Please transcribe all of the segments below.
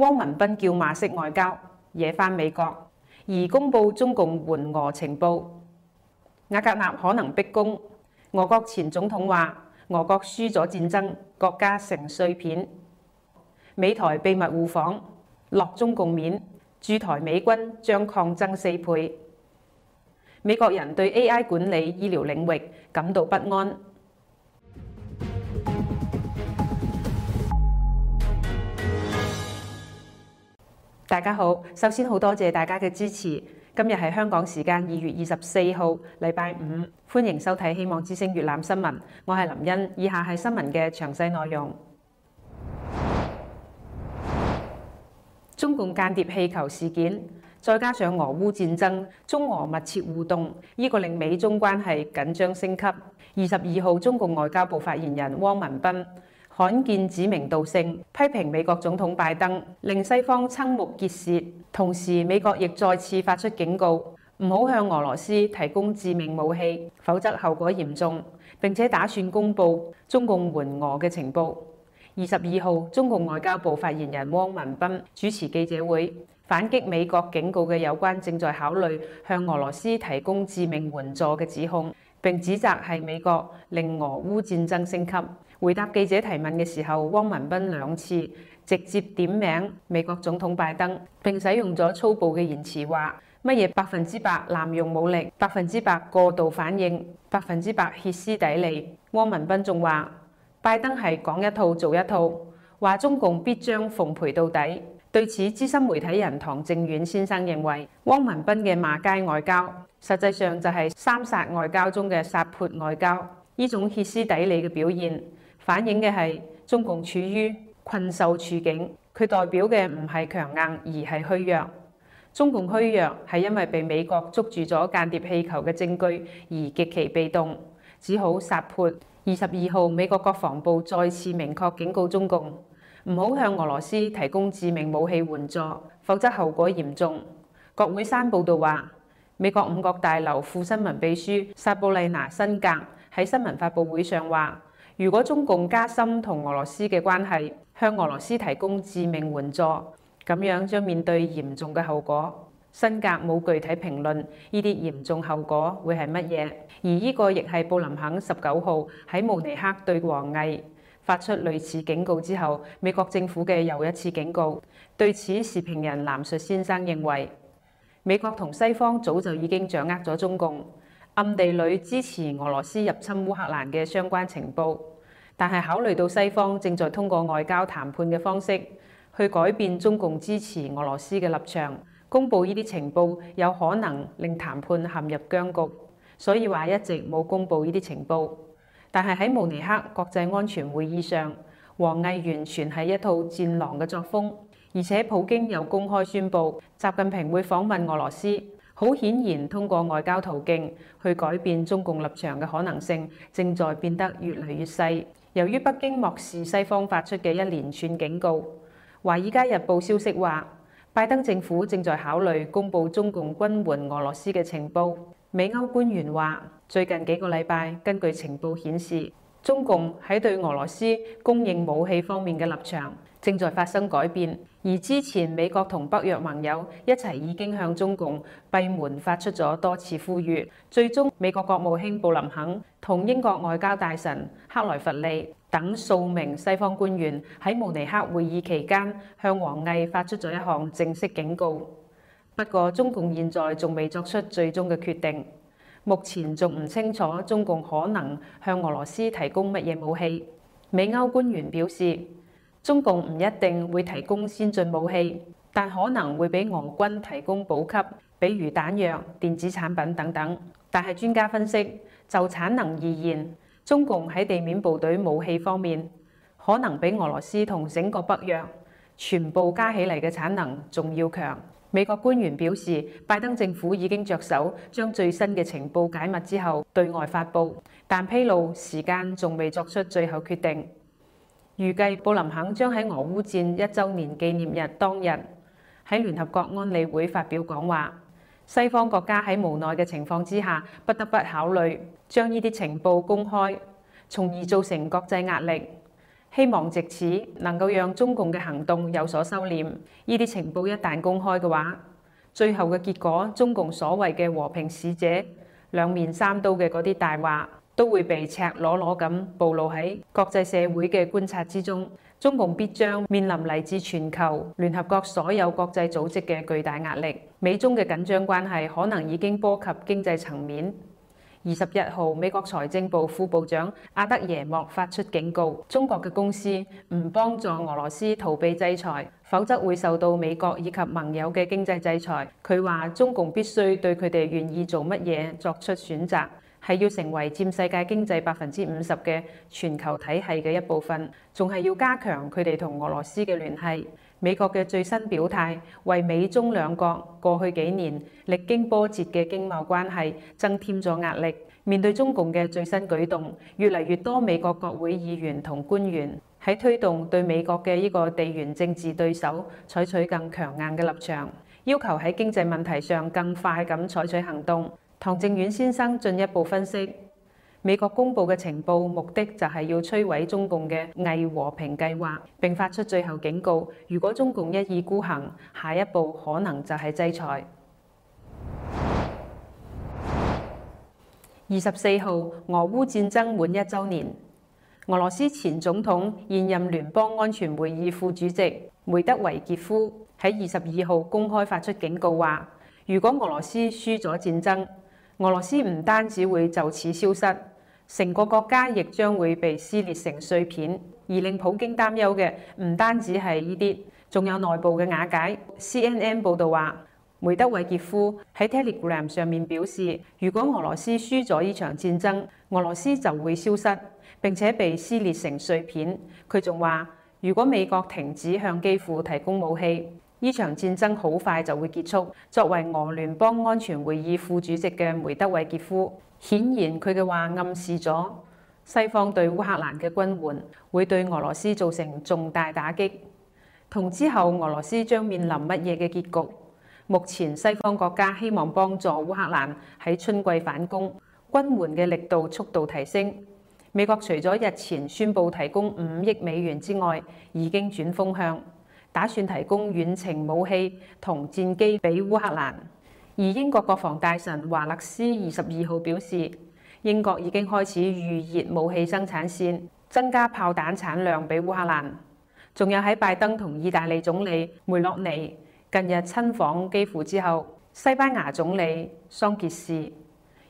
汪文斌叫罵式外交惹翻美國，而公佈中共援俄情報，瓦格納可能逼宮。俄國前總統話：俄國輸咗戰爭，國家成碎片。美台秘密互訪，落中共面，駐台美軍將擴增四倍。美國人對 AI 管理醫療領域感到不安。大家好，首先好多謝大家嘅支持。今日係香港時間二月二十四號，禮拜五，歡迎收睇《希望之星粵覽新聞》。我係林茵。以下係新聞嘅詳細內容。 中共間諜氣球事件，再加上俄烏戰爭，中俄密切互動，呢、這個令美中關係緊張升級。二十二號，中共外交部發言人汪文斌。罕見指名道姓批評美國總統拜登，令西方瞠目結舌。同時美國亦再次發出警告，唔好向俄羅斯提供致命武器，否則後果嚴重。並且打算公布中共援俄嘅情報。二十二號中共外交部發言人汪文斌主持記者會。反擊美國警告嘅有關正在考慮向俄羅斯提供致命援助嘅指控，並指責係美國令俄烏戰爭升級。回答記者提問嘅時候，汪文斌兩次直接點名美國總統拜登，並使用咗粗暴嘅言辭，話：「乜嘢百分之百濫用武力，百分之百過度反應，百分之百歇斯底里。」汪文斌仲話：拜登係講一套做一套，話中共必將奉陪到底。對此，資深媒體人唐正遠先生認為，汪文斌嘅罵街外交，實際上就係三撒外交中嘅撒潑外交。呢種歇斯底里嘅表現，反映嘅係中共處於困獸處境，佢代表嘅唔係強硬，而係虛弱。中共虛弱係因為被美國捉住咗間諜氣球嘅證據，而極其被動，只好撒潑。二十二號，美國國防部再次明確警告中共。唔好向俄羅斯提供致命武器援助，否則後果嚴重。國會山報道話，美國五角大樓副新聞秘書薩布麗娜辛格喺新聞發佈會上話，如果中共加深同俄羅斯嘅關係，向俄羅斯提供致命援助，咁樣將面對嚴重嘅後果。辛格冇具體評論呢啲嚴重後果會係乜嘢。而呢個亦係布林肯十九號喺慕尼黑對王毅發出類似警告之後，美國政府嘅又一次警告。對此，時評人藍述先生認為，美國同西方早就已經掌握咗中共暗地裏支持俄羅斯入侵烏克蘭嘅相關情報，但係考慮到西方正在通過外交談判嘅方式去改變中共支持俄羅斯嘅立場，公布呢啲情報有可能令談判陷入僵局，所以話一直冇公布呢啲情報。但係喺慕尼黑國際安全會議上，王毅完全係一套戰狼嘅作風，而且普京又公開宣布習近平會訪問俄羅斯。好顯然，通過外交途徑去改變中共立場嘅可能性正在變得越嚟越細。由於北京漠視西方發出嘅一連串警告，《華爾街日報》消息話，拜登政府正在考慮公布中共軍援俄羅斯嘅情報。美歐官員話：最近幾個禮拜，根據情報顯示，中共喺對俄羅斯供應武器方面嘅立場正在發生改變。而之前美國同北約盟友一齊已經向中共閉門發出咗多次呼籲。最終，美國國務卿布林肯同英國外交大臣克萊弗利等數名西方官員喺慕尼黑會議期間向王毅發出咗一項正式警告。不過，中共現在仲未作出最終嘅決定。目前仲唔清楚中共可能向俄羅斯提供乜嘢武器。美歐官員表示，中共唔一定會提供先進武器，但可能會俾俄軍提供補給，比如彈藥、電子產品等等。但係專家分析，就產能而言，中共喺地面部隊武器方面，可能比俄羅斯同整個北約全部加起嚟嘅產能仲要強。美國官員表示，拜登政府已經着手將最新嘅情報解密之後對外發布，但披露時間仲未作出最後決定。預計布林肯將喺俄烏戰一週年紀念日當日喺聯合國安理會發表講話。西方國家喺無奈嘅情況之下，不得不考慮將呢啲情報公開，從而造成國際壓力。希望藉此能夠讓中共嘅行動有所收斂。呢啲情報一旦公開嘅話，最後嘅結果，中共所謂嘅和平使者、兩面三刀嘅嗰啲大話都會被赤裸裸咁暴露喺國際社會嘅觀察之中。中共必將面臨嚟自全球聯合國所有國際組織嘅巨大壓力。美中嘅緊張關係可能已經波及經濟層面。二十一號，美國財政部副部長阿德耶莫發出警告：中國嘅公司唔幫助俄羅斯逃避制裁，否則會受到美國以及盟友嘅經濟制裁。佢話中共必須對佢哋願意做乜嘢作出選擇，係要成為佔世界經濟百分之五十嘅全球體系嘅一部分，仲係要加強佢哋同俄羅斯嘅聯繫。美國嘅最新表態，為美中兩國過去幾年歷經波折嘅經貿關係增添咗壓力。面對中共嘅最新舉動，越嚟越多美國國會議員同官員喺推動對美國嘅呢個地緣政治對手採取更強硬嘅立場，要求喺經濟問題上更快咁採取行動。唐靖遠先生進一步分析。美國公布嘅情報目的就係要摧毀中共嘅偽和平計劃，並發出最後警告：如果中共一意孤行，下一步可能就係制裁。二十四號，俄烏戰爭滿一周年，俄羅斯前總統、現任聯邦安全會議副主席梅德韋傑夫喺二十二號公開發出警告話：如果俄羅斯輸咗戰爭，俄羅斯唔單止會就此消失。成個國家亦將會被撕裂成碎片，而令普京擔憂嘅唔單止係呢啲，仲有內部嘅瓦解。CNN 報道話，梅德韋傑夫喺 Telegram 上面表示，如果俄羅斯輸咗呢場戰爭，俄羅斯就會消失，並且被撕裂成碎片。佢仲話，如果美國停止向基輔提供武器，呢場戰爭好快就會結束。作為俄聯邦安全會議副主席嘅梅德韋傑夫。顯然佢嘅話暗示咗，西方對烏克蘭嘅軍援會對俄羅斯造成重大打擊，同之後俄羅斯將面臨乜嘢嘅結局？目前西方國家希望幫助烏克蘭喺春季反攻，軍援嘅力度速度提升。美國除咗日前宣布提供五億美元之外，已經轉風向，打算提供遠程武器同戰機俾烏克蘭。而英國國防大臣華勒斯二十二號表示，英國已經開始預熱武器生產線，增加炮彈產量俾烏克蘭。仲有喺拜登同意大利總理梅洛尼近日親訪基輔之後，西班牙總理桑傑斯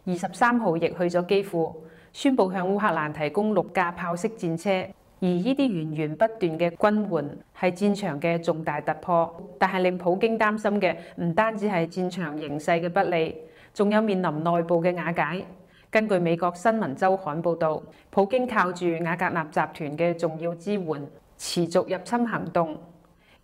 二十三號亦去咗基輔，宣布向烏克蘭提供六架炮式戰車。而呢啲源源不斷嘅軍援係戰場嘅重大突破，但係令普京擔心嘅唔單止係戰場形勢嘅不利，仲有面臨內部嘅瓦解。根據美國新聞周刊報導，普京靠住瓦格納集團嘅重要支援持續入侵行動，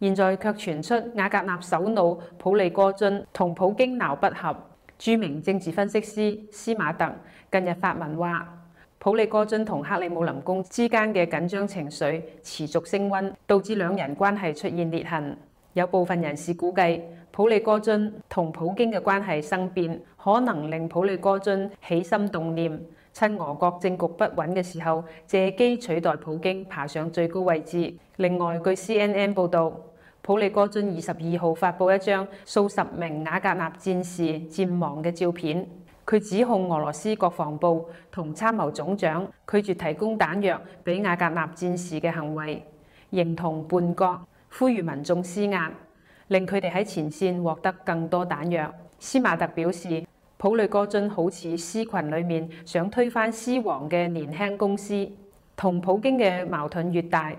現在卻傳出瓦格納首腦普利戈津同普京鬧不合。著名政治分析師斯馬特近日發文話。普利戈津同克里姆林宮之間嘅緊張情緒持續升溫，導致兩人關係出現裂痕。有部分人士估計，普利戈津同普京嘅關係生變，可能令普利戈津起心動念，趁俄國政局不穩嘅時候借機取代普京，爬上最高位置。另外，據 CNN 報道，普利戈津二十二號發佈一張數十名瓦格納戰士戰亡嘅照片。佢指控俄羅斯國防部同參謀總長拒絕提供彈藥俾瓦格納戰士嘅行為，形同叛國，呼籲民眾施壓，令佢哋喺前線獲得更多彈藥。斯馬特表示，普雷戈津好似獅群裡面想推翻獅王嘅年輕公獅，同普京嘅矛盾越大，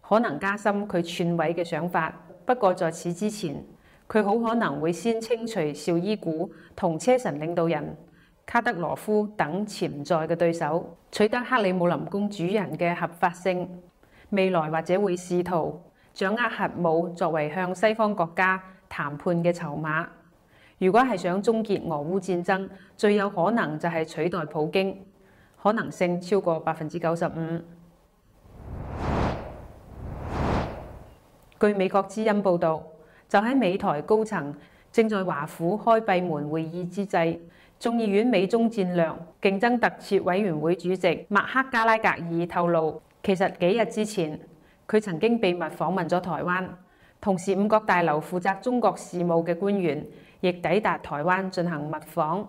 可能加深佢篡位嘅想法。不過在此之前，佢好可能會先清除紹伊古同車臣領導人。卡德羅夫等潛在嘅對手取得克里姆林宮主人嘅合法性，未來或者會試圖掌握核武作為向西方國家談判嘅籌碼。如果係想終結俄烏戰爭，最有可能就係取代普京，可能性超過百分之九十五。據美國之音報導，就喺美台高層正在華府開閉門會議之際。眾議院美中戰略競爭特設委員會主席麥克加拉格爾透露，其實幾日之前佢曾經秘密訪問咗台灣，同時五角大樓負責中國事務嘅官員亦抵達台灣進行密訪。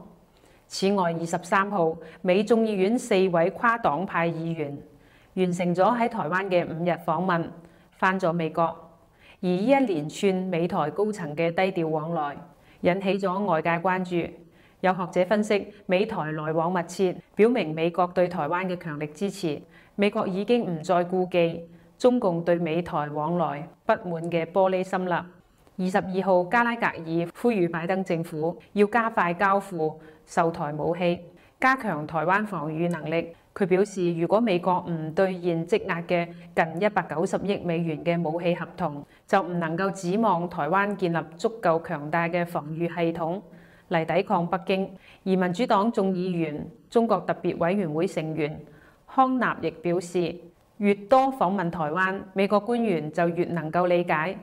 此外，二十三號，美眾議院四位跨黨派議員完成咗喺台灣嘅五日訪問，返咗美國。而呢一連串美台高層嘅低調往來，引起咗外界關注。有學者分析，美台來往密切，表明美國對台灣嘅強力支持。美國已經唔再顧忌中共對美台往來不滿嘅玻璃心啦。二十二號，加拉格爾呼籲拜登政府要加快交付售台武器，加強台灣防禦能力。佢表示，如果美國唔兌現積壓嘅近一百九十億美元嘅武器合同，就唔能夠指望台灣建立足夠強大嘅防禦系統。嚟抵抗北京，而民主黨眾議員、中國特別委員會成員康納亦表示，越多訪問台灣，美國官員就越能夠理解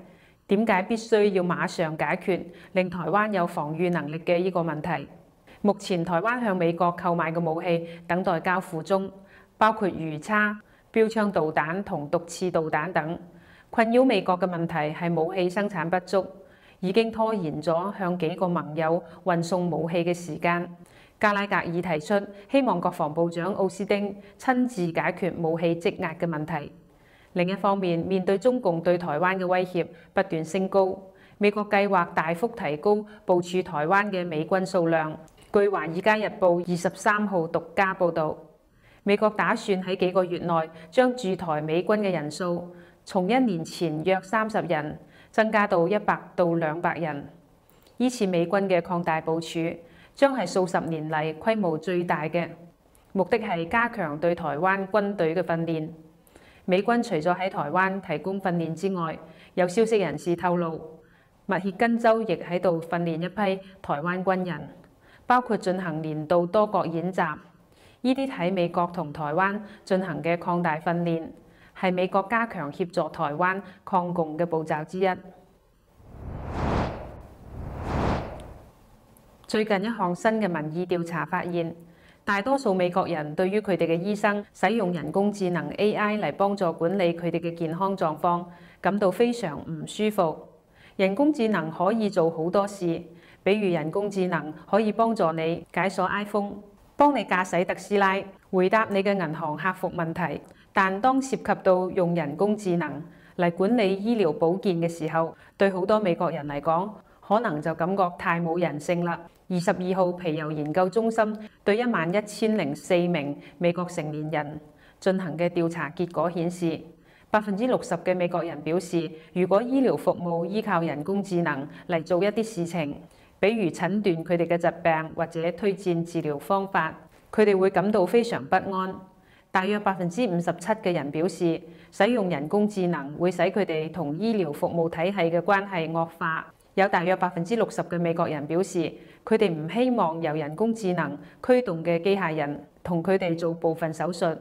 點解必須要馬上解決令台灣有防禦能力嘅呢個問題。目前台灣向美國購買嘅武器等待交付中，包括魚叉、標槍導彈同毒刺導彈等。困擾美國嘅問題係武器生產不足。已經拖延咗向幾個盟友運送武器嘅時間。加拉格爾提出希望國防部長奧斯丁親自解決武器積壓嘅問題。另一方面，面對中共對台灣嘅威脅不斷升高，美國計劃大幅提高部署台灣嘅美軍數量。據《華爾街日報》二十三號獨家報導，美國打算喺幾個月內將駐台美軍嘅人數從一年前約三十人，增加到一百到兩百人，呢次美軍嘅擴大部署將係數十年嚟規模最大嘅，目的係加強對台灣軍隊嘅訓練。美軍除咗喺台灣提供訓練之外，有消息人士透露，密歇根州亦喺度訓練一批台灣軍人，包括進行年度多國演習。呢啲喺美國同台灣進行嘅擴大訓練，係美國加強協助台灣抗共嘅步驟之一。最近一項新嘅民意調查發現，大多數美國人對於佢哋嘅醫生使用人工智能 AI 嚟幫助管理佢哋嘅健康狀況，感到非常唔舒服。人工智能可以做好多事，比如人工智能可以幫助你解鎖 iPhone，幫你駕駛特斯拉，回答你嘅銀行客服問題。但當涉及到用人工智能嚟管理醫療保健嘅時候，對好多美國人嚟講，可能就感覺太冇人性啦。二十二號皮尤研究中心對一萬一千零四名美國成年人進行嘅調查結果顯示，百分之六十嘅美國人表示，如果醫療服務依靠人工智能嚟做一啲事情，比如診斷佢哋嘅疾病或者推薦治療方法，佢哋會感到非常不安。大約百分之五十七嘅人表示，使用人工智能會使佢哋同醫療服務體系嘅關係惡化。有大約百分之六十嘅美國人表示，佢哋唔希望由人工智能驅動嘅機械人同佢哋做部分手術。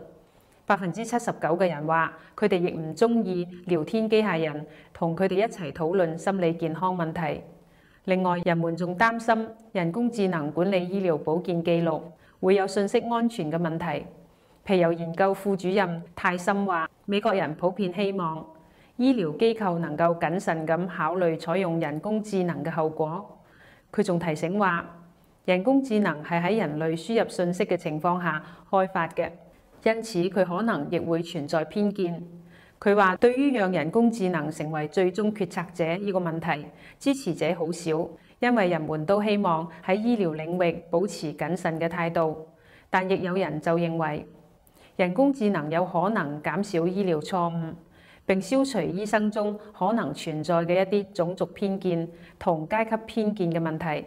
百分之七十九嘅人話，佢哋亦唔中意聊天機械人同佢哋一齊討論心理健康問題。另外，人們仲擔心人工智能管理醫療保健記錄會有信息安全嘅問題。皮尤研究副主任泰森話，美國人普遍希望醫療機構能夠謹慎咁考慮採用人工智能嘅後果。佢仲提醒話，人工智能係喺人類輸入信息嘅情況下開發嘅，因此佢可能亦會存在偏見。佢話，對於讓人工智能成為最終決策者呢個問題，支持者好少，因為人們都希望喺醫療領域保持謹慎嘅態度。但亦有人就認為：人工智能有可能減少醫療錯誤，並消除醫生中可能存在嘅一啲種族偏見同階級偏見嘅問題。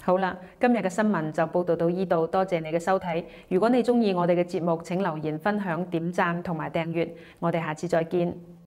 好啦，今日嘅新聞就報道到呢度，多謝你嘅收睇。如果你鍾意我哋嘅節目，請留言、分享、點讚同埋訂閱。我哋下次再見。